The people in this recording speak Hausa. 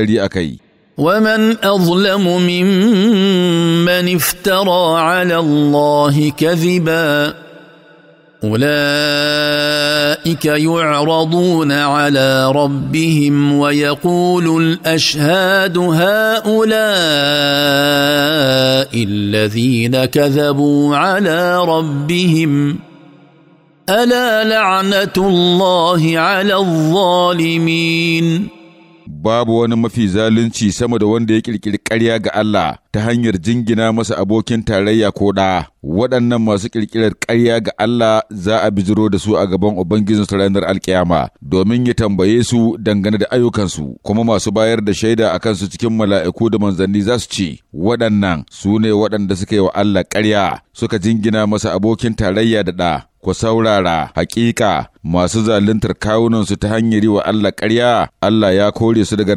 أكي ومن أظلم ممن افترى على الله كذبا أولئك يعرضون على ربهم ويقول الأشهاد هؤلاء الذين كذبوا على ربهم ألا لعنة الله على الظالمين babu wani mafi zalunci sama da wanda ya ƙirƙiri ƙarya ga Allah ta hanyar jingina masa abokin tarayya ko da Waɗannan masu ƙirƙirar ƙarya ga Allah za a bijiro da su a gaban su ranar alkiyama domin ya tambaye su dangane da ayyukansu, kuma masu bayar da shaida a kansu cikin mala'iku da manzanni za su ce, waɗannan su ne waɗanda suka yi wa Allah ƙarya suka jingina masa abokin tarayya da ɗa. ku saurara hakika masu zaluntar kawunansu ta hanyar yi wa Allah ƙarya Allah ya kore su daga